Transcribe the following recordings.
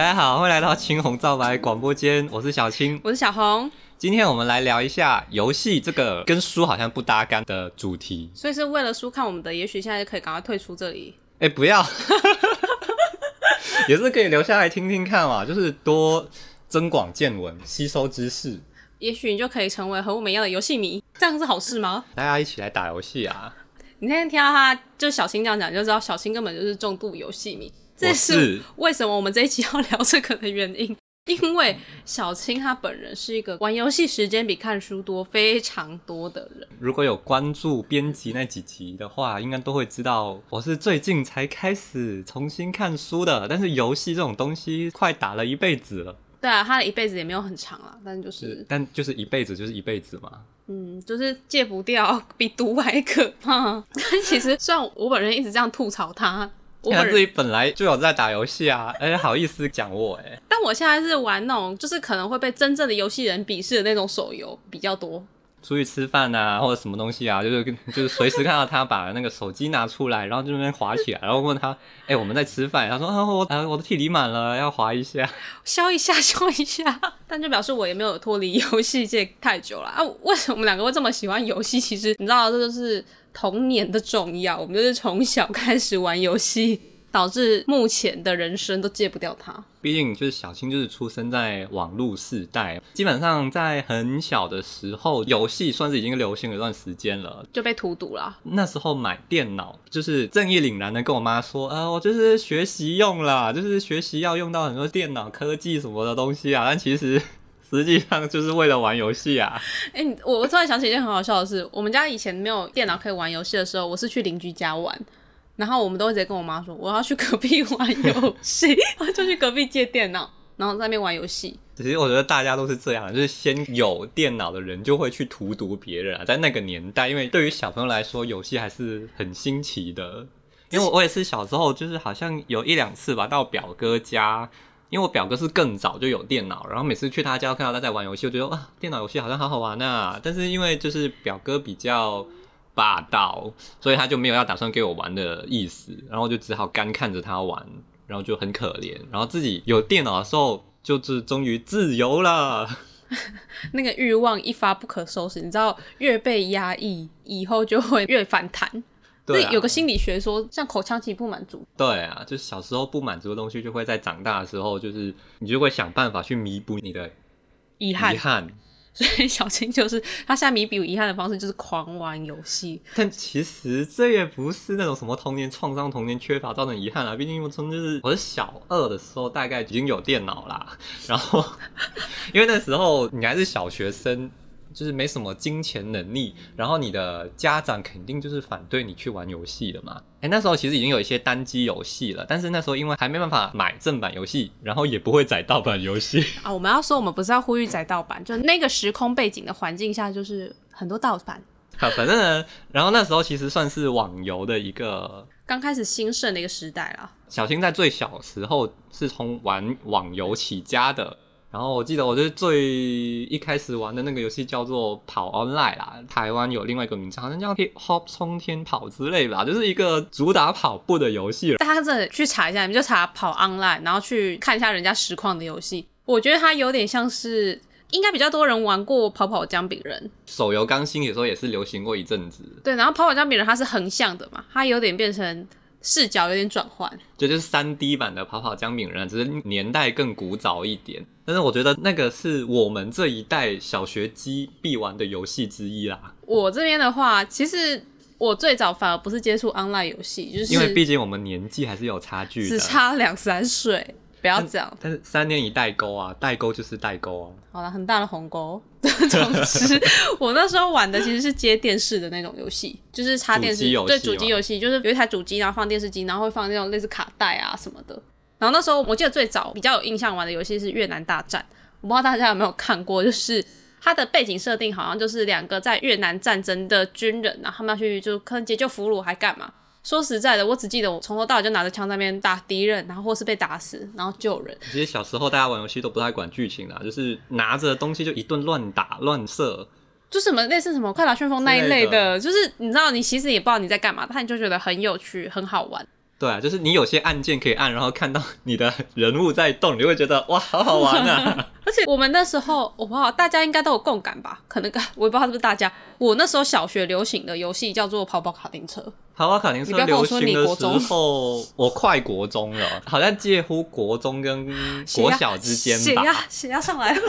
大家好，歡迎來到青紅皂白廣播間。我是小青，我是小紅。今天我們來聊一下遊戲這個跟書好像不搭干的主題。所以是為了書看我們的，也許現在就可以趕快退出這裡。哎、欸，不要， 也是可以留下來聽聽看嘛，就是多增廣見聞，吸收知識。也許你就可以成為和我們一樣的遊戲迷，這樣是好事嗎？大家一起來打遊戲啊！你現在聽到他就小青這樣講，就知道小青根本就是重度遊戲迷。這是為什麼我們這一期要聊這個的原因，因為小青她本人是一個玩遊戲時間比看書多非常多的人。如果有關注編輯那幾集的話，應該都會知道我是最近才開始重新看書的。但是遊戲這種東西，快打了一輩子了。對啊，她的一輩子也沒有很長啊，但就是，是但就是一輩子就是一輩子嘛。嗯，就是戒不掉，比毒還可怕。但其實雖然我本人一直這樣吐槽她。我自己本來就有在打遊戲啊，誒， 欸，好意思講我誒，欸，但我現在是玩那種，就是可能會被真正的遊戲人鄙視的那種手遊比較多。出去吃飯吶、啊，或者什麼東西啊，就是跟就是隨時看到他把那個手機拿出來， 然後就那邊滑起來，然後問他，哎、欸，我們在吃飯，他說，啊，我，啊、我的體力滿了，要滑一下，消一下，消一下，但就表示我也沒有脫離遊戲界太久了啊。為什麼我們兩個會這麼喜歡遊戲？其實你知道，這就是童年的重要，我們就是從小開始玩遊戲。導致目前的人生都戒不掉它。畢竟就是小青就是出生在網絡世代，基本上在很小的時候，遊戲算是已經流行了一段時間了，就被荼毒了。那時候買電腦，就是正義凜然的跟我媽說：“啊、呃，我就是學習用啦，就是學習要用到很多電腦科技什麼的東西啊。”但其實實際上就是為了玩遊戲啊。哎、欸，我我突然想起一件很好笑的事：我們家以前沒有電腦可以玩遊戲的時候，我是去鄰居家玩。然後我們都會直接跟我媽說：“我要去隔壁玩遊戲。 ”我 就去隔壁借電腦，然後在那邊玩遊戲。其實我覺得大家都是這樣，就是先有電腦的人就會去荼毒別人啊。在那個年代，因為對於小朋友來說，遊戲還是很新奇的。因為我也是小時候，就是好像有一兩次吧，到表哥家，因為我表哥是更早就有電腦，然後每次去他家都看到他在玩遊戲，我覺得哇，啊，電腦遊戲好像好好玩啊。但是因為就是表哥比較。霸道，所以他就沒有要打算給我玩的意思，然後就只好乾看着他玩，然後就很可憐。然後自己有電腦的時候，就是終於自由了。 那個慾望一發不可收拾，你知道，越被壓抑，以後就會越反彈。對啊，所以有個心理學說，像口腔期不滿足。對啊，就是小時候不滿足的東西，就會在長大的時候，就是你就會想辦法去彌補你的遺憾。遺憾所以小青就是他現在彌補遺憾的方式，就是狂玩遊戲。但其實這也不是那種什麼童年創傷、童年缺乏造成遺憾啦。畢竟我從就是我是小二的時候大概已經有電腦啦。然後 因為那時候你還是小學生。就是沒什麼金錢能力，然後你的家長肯定就是反對你去玩遊戲的嘛。哎、欸，那時候其實已經有一些單機遊戲了，但是那時候因為還沒辦法買正版遊戲，然後也不會載盜版遊戲。啊，我們要說，我們不是要呼籲載盜版，就那個時空背景的環境下，就是很多盜版 、啊。反正呢，然後那時候其實算是網遊的一個剛開始興盛的一個時代了。小新在最小時候是從玩網遊起家的。然後我記得我就是最一開始玩的那個遊戲叫做跑 online 啦，台灣有另外一個名稱，好像叫、Hip、Hop 沖天跑之類吧，就是一個主打跑步的遊戲。大家可以去查一下，你們就查跑 online，然後去看一下人家實況的遊戲。我覺得它有點像是，應該比較多人玩過跑跑薑餅人手遊剛興起時候也是流行過一陣子。對，然後跑跑薑餅人它是橫向的嘛，它有點變成視角有點轉換，這就，就是三 D 版的跑跑薑餅人，只、就是年代更古早一點。但是我覺得那個是我們這一代小學機必玩的遊戲之一啦。我這邊的話，其實我最早反而不是接觸 online 遊戲，就是因為畢竟我們年紀還是有差距，只差兩三歲，不要講。但是三年一代溝啊，代溝就是代溝啊。好啦，很大的鴻溝。同時，我那時候玩的其實是接電視的那種遊戲，就是插電視，主對主機遊戲，就是有一台主機，然後放電視機，然後會放那種類似卡帶啊什麼的。然後那時候，我記得最早比較有印象玩的遊戲是《越南大戰》，我不知道大家有沒有看過，就是它的背景設定好像就是兩個在越南戰爭的軍人啊，然後他們要去就可能解救俘虜，還幹嘛？說實在的，我只記得我從頭到尾就拿着槍在那邊打敵人，然後或是被打死，然後救人。其實小時候大家玩遊戲都不太管劇情的啊，就是拿着東西就一頓亂打亂射，就什麼類似什麼《快打旋風》那一類的，這類的，就是你知道，你其實也不知道你在幹嘛，但你就覺得很有趣，很好玩。對啊，就是你有些按鍵可以按，然後看到你的人物在動，你會覺得哇，好好玩啊！而且我們那時候，我不知道，大家應該都有共感吧？可能我也不知道是不是大家。我那時候小學流行的遊戲叫做《跑跑卡丁車》，跑跑卡丁車流行的時候你不要跟我說你國中。我快國中了，好像介乎國中跟國小之間吧。血壓血壓上來了，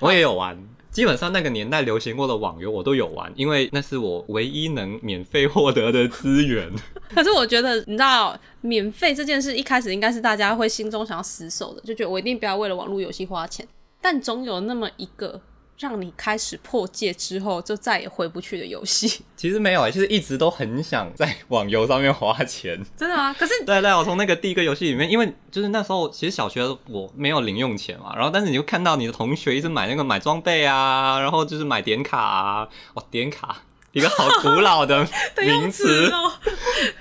我也有玩。基本上那個年代流行過的網遊我都有玩，因為那是我唯一能免費獲得的資源。 可是我覺得，你知道，免費這件事一開始應該是大家會心中想要死守的，就覺得我一定不要為了網絡遊戲花錢。但總有那麼一個。讓你開始破戒之後就再也回不去的遊戲，其實沒有、欸、其實一直都很想在網遊上面花錢。真的嗎？可是 對對，我從那個第一個遊戲裡面，因為就是那時候其實小學我沒有零用錢嘛，然後但是你就看到你的同學一直買那個買裝備啊，然後就是買點卡，啊。哇，點卡一個好古老的名詞 詞哦，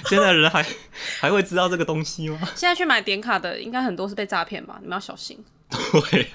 現在人還還會知道這個東西嗎？現在去買點卡的應該很多是被詐騙吧，你們要小心。 對，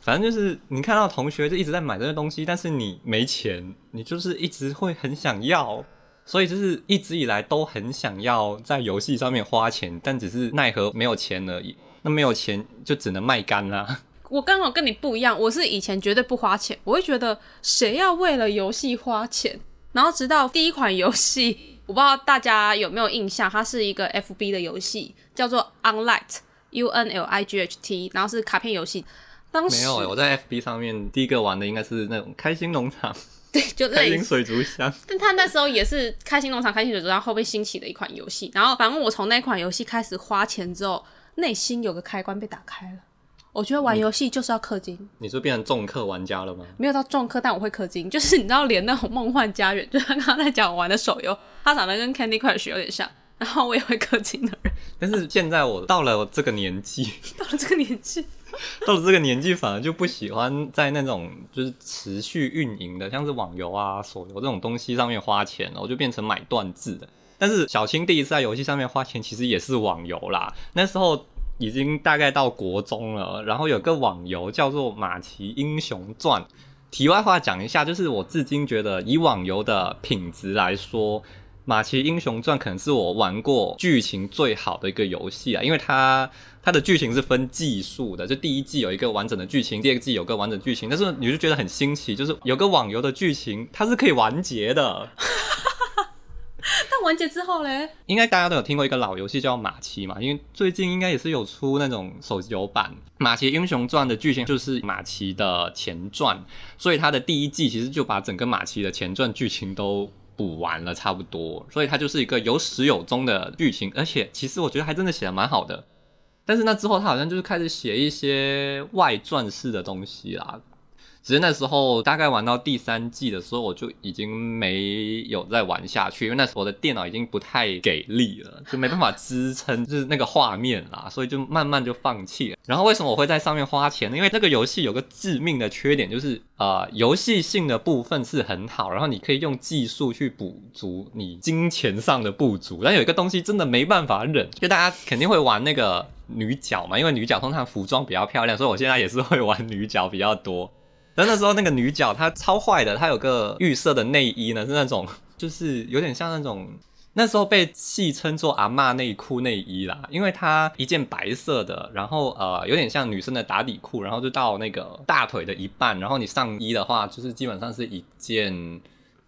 反正就是你看到同學就一直在買這些東西，但是你沒錢，你就是一直會很想要，所以就是一直以來都很想要在遊戲上面花錢，但只是奈何沒有錢而已。那沒有錢就只能賣肝啦、啊。我剛好跟你不一樣，我是以前絕對不花錢，我會覺得誰要為了遊戲花錢，然後直到第一款遊戲，我不知道大家有沒有印象，它是一個 FB 的遊戲，叫做 Unlight。U N L I G H T，然後是卡片遊戲。當時沒有，我在 F B 上面第一個玩的應該是那種開心農場。對，就類似開心水族箱。但他那時候也是開心農場、 開心水族箱後被興起的一款遊戲。然後反正我從那款遊戲開始花錢之後，內心有個開關被打開了。我覺得玩遊戲就是要氪金。你，你是變成重氪玩家了嗎？沒有到重氪，但我會氪金。就是你知道，連那種夢幻家園，就他剛剛在講我玩的手遊，他長得跟 Candy Crush 有點像。然後我也會氪金的人，但是現在我到了這個年紀， 到了這個年紀， 到了這個年紀反而就不喜歡在那種就是持續運營的，像是網遊啊、手遊這種東西上面花錢，我就變成買斷制的。但是小青第一次在遊戲上面花錢，其實也是網遊啦，那時候已經大概到國中了，然後有個網遊叫做《馬奇英雄傳》。題外話講一下，就是我至今覺得以網遊的品質來說。馬奇英雄傳可能是我玩過劇情最好的一個遊戲啊，因為它它的劇情是分季數的，就第一季有一個完整的劇情，第二季有個完整劇情，但是你就覺得很新奇，就是有個網遊的劇情它是可以完結的， 但完結之後嘞，應該大家都有聽過一個老遊戲叫馬奇嘛，因為最近應該也是有出那種手遊版馬奇英雄傳的劇情，就是馬奇的前傳，所以它的第一季其實就把整個馬奇的前傳劇情都。補完了差不多，所以它就是一個有始有終的劇情，而且其實我覺得還真的寫的蠻好的，但是那之後他好像就是開始寫一些外傳式的東西啦。只是那時候大概玩到第三季的時候，我就已經沒有再玩下去，因為那時候我的電腦已經不太給力了，就沒辦法支撐，就是那個畫面啦，所以就慢慢就放棄了。然後為什麼我會在上面花錢呢？因為這個遊戲有個致命的缺點，就是呃，遊戲性的部分是很好，然後你可以用技術去補足你金錢上的不足。但有一個東西真的沒辦法忍，就大家肯定會玩那個女角嘛，因為女角通常服裝比較漂亮，所以我現在也是會玩女角比較多。然 後那時候那個女角，她超壞的，她有個綠色的內衣呢，是那種就是有點像那種那時候被戲稱作阿嬤內褲內衣啦，因為她一件白色的，然後呃有點像女生的打底褲，然後就到那個大腿的一半，然後你上衣的話就是基本上是一件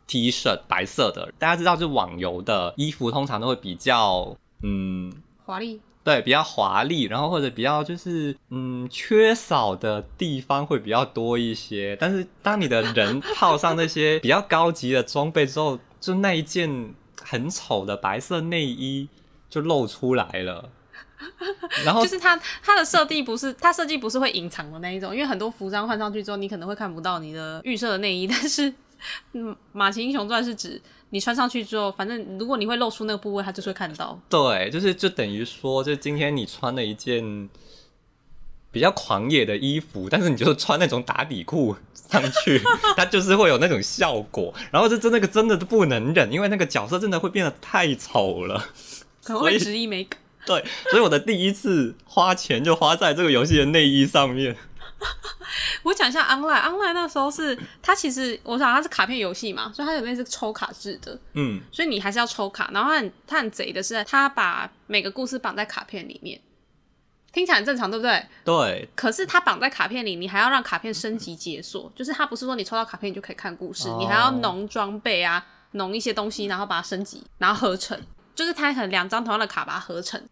T 恤白色的，大家知道就是網遊的衣服通常都會比較嗯華麗。對，比較華麗，然後或者比較就是嗯，缺少的地方會比較多一些。但是當你的人套上那些比較高級的裝備之後， 就那一件很醜的白色內衣就露出來了。 然後就是它它的設計不是它設計不是會隱藏的那一種，因為很多服裝換上去之後，你可能會看不到你的預設的內衣。但是馬《瑪奇英雄傳》是指。你穿上去之後，反正如果你會露出那個部位，他就會看到。對，就是就等於說，就今天你穿了一件比較狂野的衣服，但是你就是穿那種打底褲上去， 它就是會有那種效果。然後就真那個真的不能忍，因為那個角色真的會變得太醜了，維持一美感。對，所以我的第一次花錢就花在這個遊戲的內衣上面。 我講一下 online online 那時候是它其實我想它是卡片遊戲嘛，所以它有類似抽卡制的，嗯，所以你還是要抽卡。然後它很它很賊的是，它把每個故事綁在卡片裡面，聽起來很正常，對不對？對。可是它綁在卡片裡，你還要讓卡片升級解鎖，就是它不是說你抽到卡片你就可以看故事，你還要弄裝備啊，弄一些東西，然後把它升級，然後合成，就是它可能兩張同樣的卡把它合成。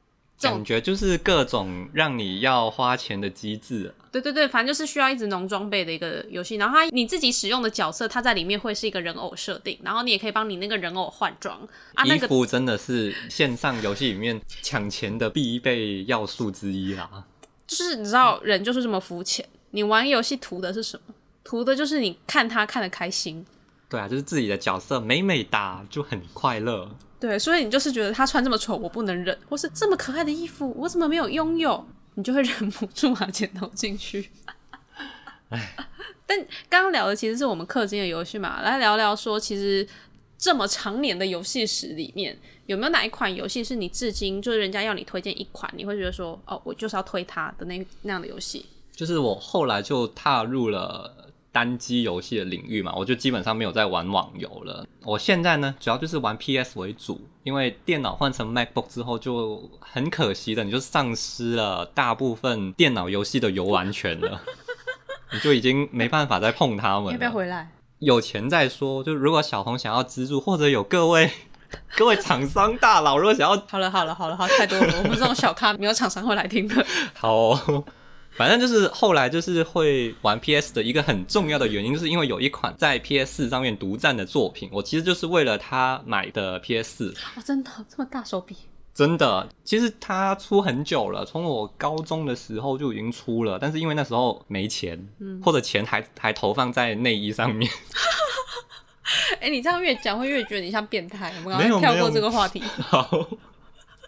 感覺就是各種讓你要花錢的機制，啊。對對對，反正就是需要一直農裝備的一個遊戲。然後它你自己使用的角色，它在裡面會是一個人偶設定，然後你也可以幫你那個人偶換裝啊，那個。衣服真的是線上遊戲裡面搶錢的必備要素之一啦，啊。 就是你知道人就是這麼膚淺，你玩遊戲圖的是什麼？圖的就是你看他看得開心。對啊，就是自己的角色美美噠，就很快樂。對，所以你就是覺得他穿這麼醜，我不能忍；或是這麼可愛的衣服，我怎麼沒有擁有？你就會忍不住啊，剪頭進去。哎， 但剛剛聊的其實是我們氪金的遊戲嘛，來聊聊說，其實這麼長年的遊戲史裡面，有沒有哪一款遊戲是你至今，就是人家要你推薦一款，你會覺得說，哦，我就是要推他的那那樣的遊戲？就是我後來就踏入了。單機遊戲的領域嘛，我就基本上沒有在玩網遊了。我現在呢，主要就是玩 PS 為主，因為電腦換成 MacBook 之後就很可惜的，你就喪失了大部分電腦遊戲的遊玩權了， 你就已經沒辦法再碰它們了。要不要回來？有錢再說。就如果小紅想要資助，或者有各位各位廠商大佬如果想要，好了好了好了，好太多了。我們這種小咖沒有廠商會來聽的。好哦。反正就是後來就是會玩 PS 的一個很重要的原因，就是因為有一款在 PS 4上面獨佔的作品，我其實就是為了它買的 PS 4。哦，真的這麼大手筆！真的，其實它出很久了，從我高中的時候就已經出了，但是因為那時候沒錢，嗯、或者錢還還投放在內衣上面。哎、 欸，你這樣越講會越覺得你像變態，我們趕快跳過這個話題。好，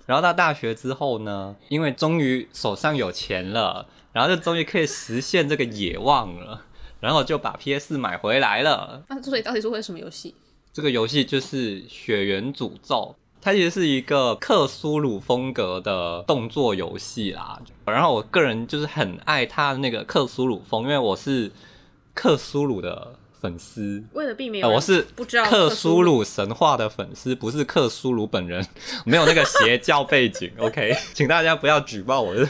然後到大學之後呢，因為終於手上有錢了。然後就終於可以實現這個野望了，然後就把 P S 買回來了。那所以到底說會是什麼遊戲？這個遊戲就是《血源詛咒》，它其實是一個克蘇魯風格的動作遊戲啦。然後我個人就是很愛它那個克蘇魯風，因為我是克蘇魯的粉絲。為了避免、呃、我是不知道克蘇，克蘇魯神話的粉絲，不是克蘇魯本人， 沒有那個邪教背景。 OK，請大家不要舉報我。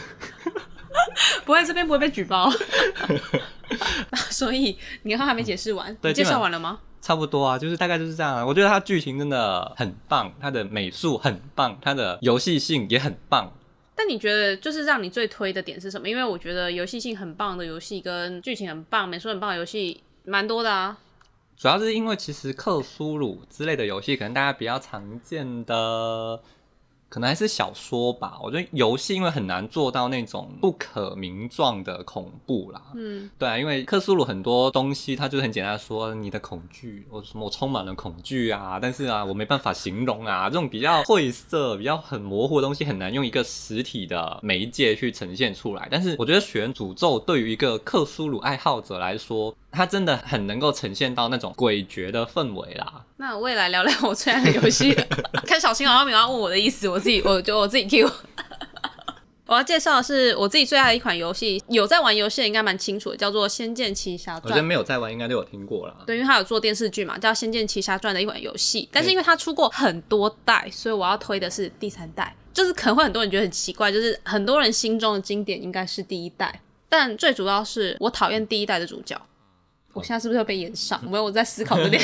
不會，這邊不會被舉報。 所以你看，還沒解釋完，嗯、對，介紹完了嗎？差不多啊，就是大概就是這樣啊。我覺得它劇情真的很棒，它的美術很棒，它的遊戲性也很棒。但你覺得就是讓你最推的點是什麼？因為我覺得遊戲性很棒的遊戲跟劇情很棒、美術很棒的遊戲蠻多的啊。主要是因為其實克蘇魯之類的遊戲，可能大家比較常見的。可能還是小說吧，我覺得遊戲因為很難做到那種不可名狀的恐怖啦。嗯，對啊，因為克蘇魯很多東西，它就是很簡單說你的恐懼，我什麼我充滿了恐懼啊，但是啊我沒辦法形容啊，這種比較晦澀、比較很模糊的東西很難用一個實體的媒介去呈現出來。但是我覺得選詛咒對於一個克蘇魯愛好者來說，它真的很能夠呈現到那種詭譎的氛圍啦。那我也來聊聊我最愛的遊戲。 看小新好像沒有要問我的意思，我自己，我就我自己 Q。 我要介紹的是我自己最愛的一款遊戲，有在玩遊戲的應該蠻清楚的，叫做《仙劍奇俠傳》。我覺得沒有在玩，應該都有聽過了。對，因為它有做電視劇嘛，叫《仙劍奇俠傳》的一款遊戲。但是因為它出過很多代，欸，所以我要推的是第三代。就是可能會很多人覺得很奇怪，就是很多人心中的經典應該是第一代，但最主要是我討厭第一代的主角。我現在是不是要被演上？因為我沒有在思考這點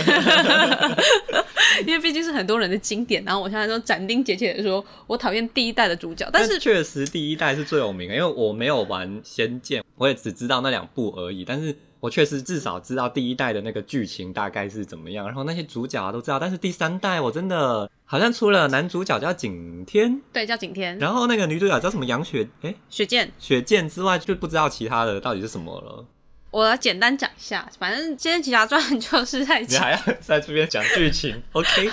因為畢竟是很多人的經典。然後我現在都斬釘截鐵的說，我討厭第一代的主角。但是確實第一代是最有名，的，因為我沒有玩仙劍，我也只知道那兩部而已。但是我確實至少知道第一代的那個劇情大概是怎麼樣，然後那些主角啊都知道。但是第三代我真的好像除了男主角叫景天，對，叫景天，然後那個女主角叫什麼楊雪？誒、欸、雪劍，雪劍之外就不知道其他的到底是什麼了。我要簡單講一下，反正《仙劍奇俠傳》就是在講，你還在這邊講劇情 ？OK，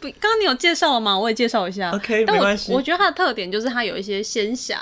不，剛 剛你有介紹了嗎？我也介紹一下。OK，但我沒關係。我覺得它的特點就是它有一些仙俠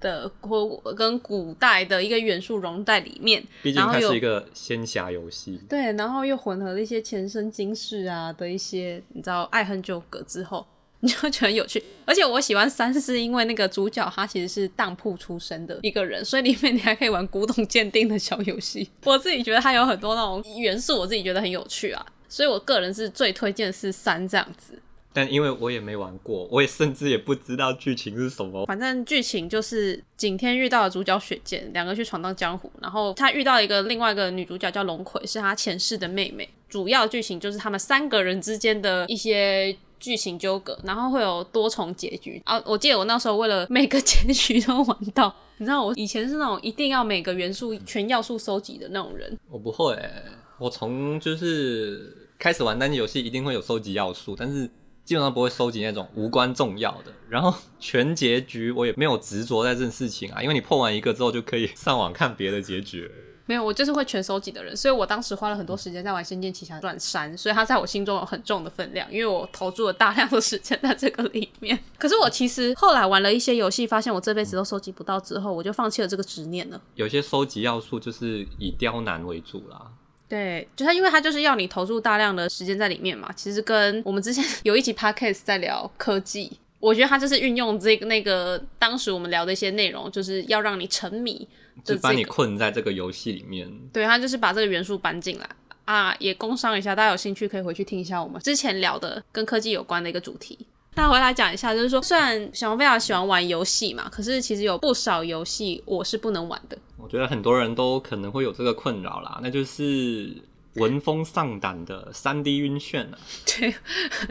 的，或跟古代的一個元素融在裡面，畢竟它是一個仙俠遊戲。對，然後又混合了一些前生今世啊的一些，你知道愛恨糾葛之後。你 就覺得很有趣，而且我喜歡三是因為那個主角他其實是當鋪出身的一個人，所以裡面你還可以玩古董鑑定的小遊戲。我自己覺得他有很多那種元素，我自己覺得很有趣啊，所以我個人是最推薦是三這樣子。但因為我也沒玩過，我也甚至也不知道劇情是什麼。反正劇情就是景天遇到了主角雪見，兩個去闖蕩江湖，然後他遇到一個另外一個女主角叫龍葵，是他前世的妹妹。主要劇情就是他們三個人之間的一些，劇情糾葛，然後會有多重結局。啊，我記得我那時候為了每個結局都玩到，你知道我以前是那種一定要每個元素全要素收集的那種人。我不會，欸，我從就是開始玩單機遊戲一定會有收集要素，但是基本上不會收集那種無關重要的。然後全結局我也沒有執着在這件事情啊，因為你破完一個之後就可以上網看別的結局。 沒有，我就是會全收集的人，所以我當時花了很多時間在玩《仙劍奇俠傳三》，所以它在我心中有很重的分量，因為我投注了大量的時間在這個裡面。可是我其實後來玩了一些遊戲，發現我這輩子都收集不到，之後我就放棄了這個執念了。有些收集要素就是以刁難為主啦，對，就是因為它就是要你投注大量的時間在裡面嘛。其實跟我們之前有一集 podcast 在聊科技。我覺得他就是運用這個那個當時我們聊的一些內容，就是要讓你沉迷，就是把你困在這個遊戲裡面。對，他就是把這個元素搬進來啊，也工商一下，大家有興趣可以回去聽一下我們之前聊的跟科技有關的一個主題。那回來講一下，就是說雖然小王非常喜歡玩遊戲嘛，可是其實有不少遊戲我是不能玩的。我覺得很多人都可能會有這個困擾啦，那就是。聞風喪膽的三 D 暈眩啊！對，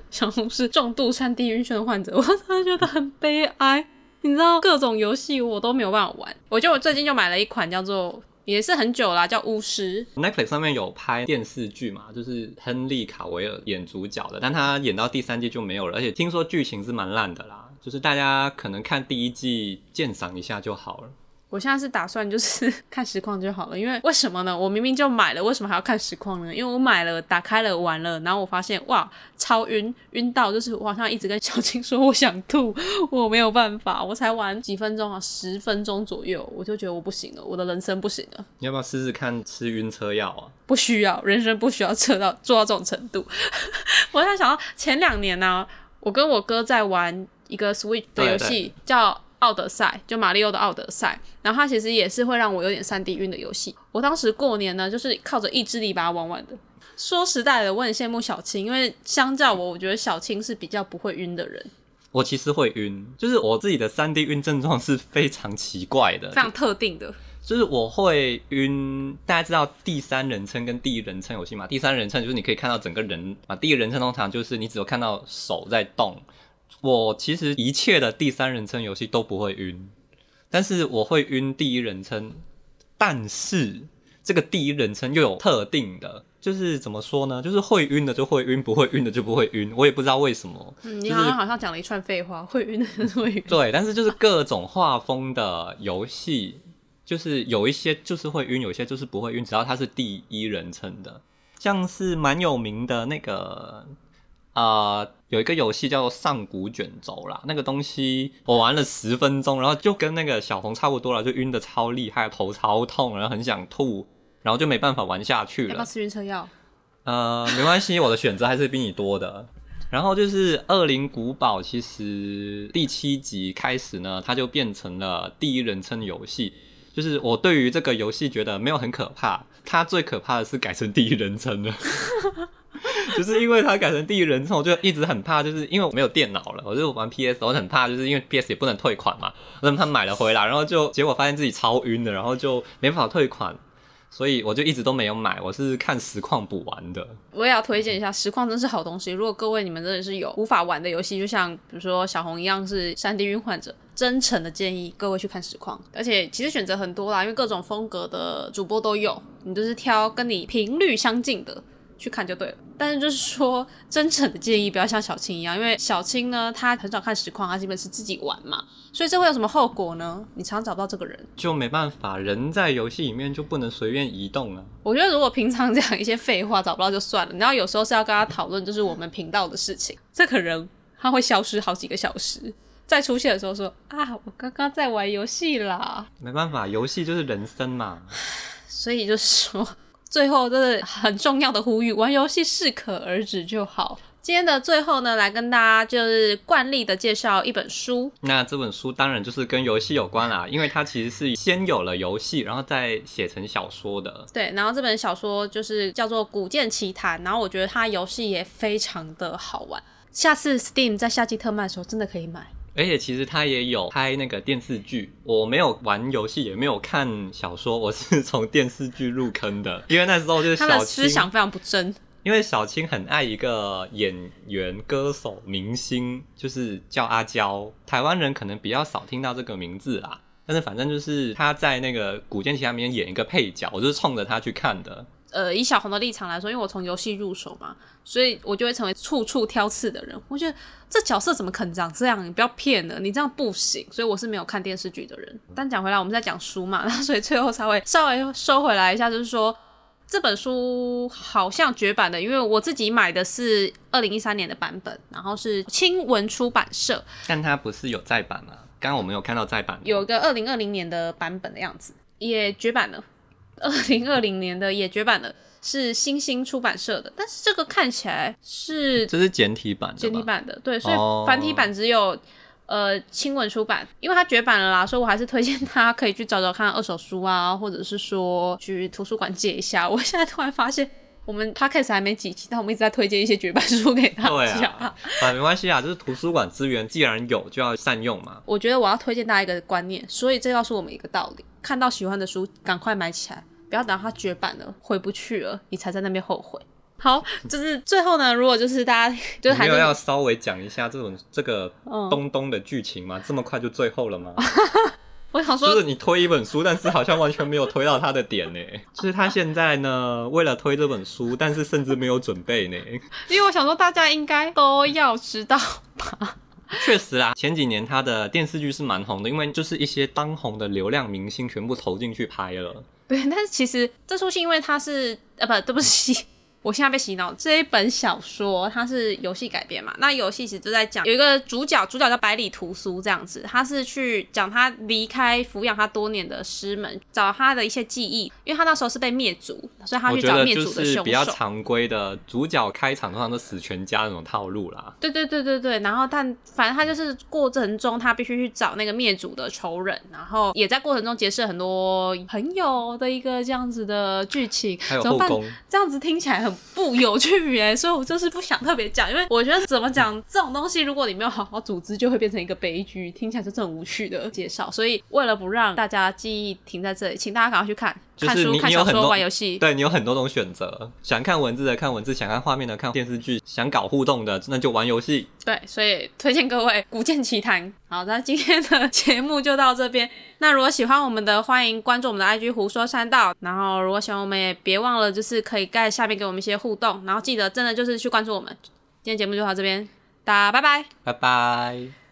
小紅是重度三 D 暈眩的患者，我真的覺得很悲哀。你知道各種遊戲我都沒有辦法玩。我覺得我最近就買了一款叫做，也是很久啦，啊，叫《巫師》。Netflix 上面有拍電視劇嘛，就是亨利·卡維爾演主角的，但他演到第三季就沒有了，而且聽說劇情是蠻爛的啦，就是大家可能看第一季鑑賞一下就好了。我現在是打算就是看實況就好了，因為為什麼呢？我明明就買了，為什麼還要看實況呢？因為我買了，打開了玩了，然後我發現哇，超暈，暈到就是我好像一直跟小青說我想吐，我沒有辦法，我才玩幾分鐘啊，十分鐘左右，我就覺得我不行了，我的人生不行了。你要不要試試看吃暈車藥啊？不需要，人生不需要車到做到這種程度。 我在想，想到前兩年呢，啊，我跟我哥在玩一個 Switch 的遊戲叫。奧德賽，就馬里歐的奧德賽，然後它其實也是會讓我有點三 D 暈的遊戲。我當時過年呢，就是靠着意志力把它玩完的。說實在的，我很羨慕小青，因為相較我，我覺得小青是比較不會暈的人。我其實會暈，就是我自己的三 D 暈症狀是非常奇怪的，非常特定的，就是我會暈。大家知道第三人稱跟第一人稱遊戲嘛？第三人稱就是你可以看到整個人啊，第一人稱通常就是你只有看到手在動。我其實一切的第三人稱遊戲都不會暈，但是我會暈第一人稱。但是這個第一人稱又有特定的，就是怎麼說呢？就是會暈的就會暈，不會暈的就不會暈。我也不知道為什麼，就是嗯。你好像好像講了一串廢話，會暈的就是會暈。對，但是就是各種畫風的遊戲，就是有一些就是會暈，有一些就是不會暈。只要它是第一人稱的，像是蠻有名的那個。啊、呃，有一個遊戲叫做《上古卷軸》啦，那個東西我玩了十分鐘，然後就跟那個小紅差不多了，就暈得超厲害，頭超痛，然後很想吐，然後就沒辦法玩下去了。要不要吃暈車藥？呃，沒關係，我的選擇還是比你多的。 然後就是《惡靈古堡》，其實第七集開始呢，它就變成了第一人稱遊戲，就是我對於這個遊戲覺得沒有很可怕。他最可怕的是改成第一人稱了， 就是因為他改成第一人稱，我就一直很怕，就是因為我沒有電腦了，我就玩 PS，我很怕，就是因為 PS 也不能退款嘛，我怕買了回來，然後就結果發現自己超暈的，然後就沒辦法退款，所以我就一直都沒有買，我是看實況補完的。我也要推薦一下實況，真是好東西。如果各位你們真的是有無法玩的遊戲，就像比如說小紅一樣是三 D 暈患者。真誠的建議，各位去看實況，而且其實選擇很多啦，因為各種風格的主播都有，你就是挑跟你頻率相近的去看就對了。但是就是說，真誠的建議，不要像小青一樣，因為小青呢，她很少看實況，她基本是自己玩嘛，所以這會有什麼後果呢？你常常找不到這個人，就沒辦法，人在遊戲裡面就不能隨便移動了。我覺得如果平常講一些廢話找不到就算了，你要有時候是要跟他討論就是我們頻道的事情，這個人他會消失好幾個小時。在出現的時候說啊，我剛剛在玩遊戲啦。沒辦法，遊戲就是人生嘛。 所以就是說，最後就是很重要的呼籲，玩遊戲適可而止就好。今天的最後呢，來跟大家就是慣例的介紹一本書。那這本書當然就是跟遊戲有關啦，啊，因為它其實是先有了遊戲，然後再寫成小說的。對，然後這本小說就是叫做《古劍奇譚》，然後我覺得它遊戲也非常的好玩，下次 Steam 在夏季特賣的時候真的可以買。而且其實他也有拍那個電視劇，我沒有玩遊戲，也沒有看小說，我是從電視劇入坑的。因為那時候就是小青思想非常不正。因為小青很愛一個演員歌手明星，就是叫阿嬌，台灣人可能比較少聽到這個名字啦。但是反正就是他在那個《古劍奇譚》裡面演一個配角，我就是衝着他去看的。呃，以小紅的立場來說，因為我從遊戲入手嘛，所以我就會成為處處挑刺的人。我覺得這角色怎麼可能長這樣？你不要騙了，你這樣不行。所以我是沒有看電視劇的人。但講回來，我們在講書嘛，所以最後才會稍微收回來一下，就是說，這本書好像絕版的，因為我自己買的是二零一三年的版本，然後是青文出版社。但它不是有再版嗎？剛剛我們有看到再版，有一個二零二零年的版本的樣子，也絕版了。二零二零年的也絕版了，是新星，星出版社的，但是這個看起來是這是簡體版的，簡體版的對，所以繁體版只有、oh. 呃青文出版，因為它絕版了啦，所以我還是推薦大家可以去找找看二手書啊，或者是說去圖書館借一下。我現在突然發現。我們他開始還沒幾期，但我們一直在推薦一些絕版書給大家。對啊，啊沒關係啊，就是圖書館資源既然有，就要善用嘛。我覺得我要推薦大家一個觀念，所以這告訴我們一個道理：看到喜歡的書，趕快買起來，不要等到它絕版了，回不去了，你才在那邊後悔。好，就是最後呢，如果就是大家就是還有要稍微講一下這種這個東東的劇情嗎？嗯？這麼快就最後了嗎？ 我想說，就是你推一本書， 但是好像完全沒有推到他的點呢。就是他現在呢，為了推這本書，但是甚至沒有準備呢。 因為我想說，大家應該都要知道吧？確 實啦，前幾年他的電視劇是蠻紅的，因為就是一些當紅的流量明星全部投進去拍了。對，但是其實這出戲因為他是啊，不，都不是。 我現在被洗腦，這一本小說它是遊戲改編嘛？那遊戲其實就在講有一個主角，主角叫百里屠蘇這樣子，他是去講他離開撫養他多年的師門，找他的一些記憶，因為他那時候是被滅族，所以他去找滅族的兇手。我覺得就是比較常規的主角開場通常都死全家那種套路啦。對對對對對，然後但反正他就是過程中他必須去找那個滅族的仇人，然後也在過程中結識很多朋友的一個這樣子的劇情。還有後宮。怎麼辦？這樣子聽起來很不有趣哎、欸，所以我就是不想特別講，因為我覺得怎麼講這種東西，如果你沒有好好組織，就會變成一個悲劇，聽起來就是很無趣的介紹。所以為了不讓大家記憶停在這裡，請大家趕快去看。就是你，看書你，你有很多想想玩遊戲，對，你有很多種選擇。想看文字的看文字，想看畫面的看電視劇，想搞互動的那就玩遊戲。對，所以推薦各位《古劍奇譚》。好，那今天的節目就到這邊。那如果喜歡我們的，歡迎關注我們的 IG“ 狐說三道”。然後如果喜歡，我們也別忘了就是可以在下面給我們一些互動。然後記得真的就是去關注我們。今天節目就到這邊，大家拜拜，拜拜。